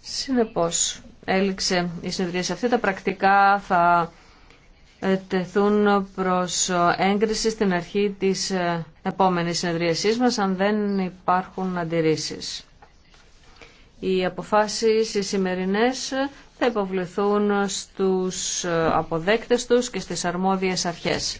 Συνεπώς, έληξε η συνεδρίαση. αυτή. Τα πρακτικά θα ε, τεθούν προς ε, έγκριση στην αρχή της ε, επόμενης συνεδρίασής μας, αν δεν υπάρχουν αντιρρήσεις. Οι αποφάσεις οι σημερινές θα υποβληθούν στους αποδέκτες τους και στις αρμόδιες αρχές.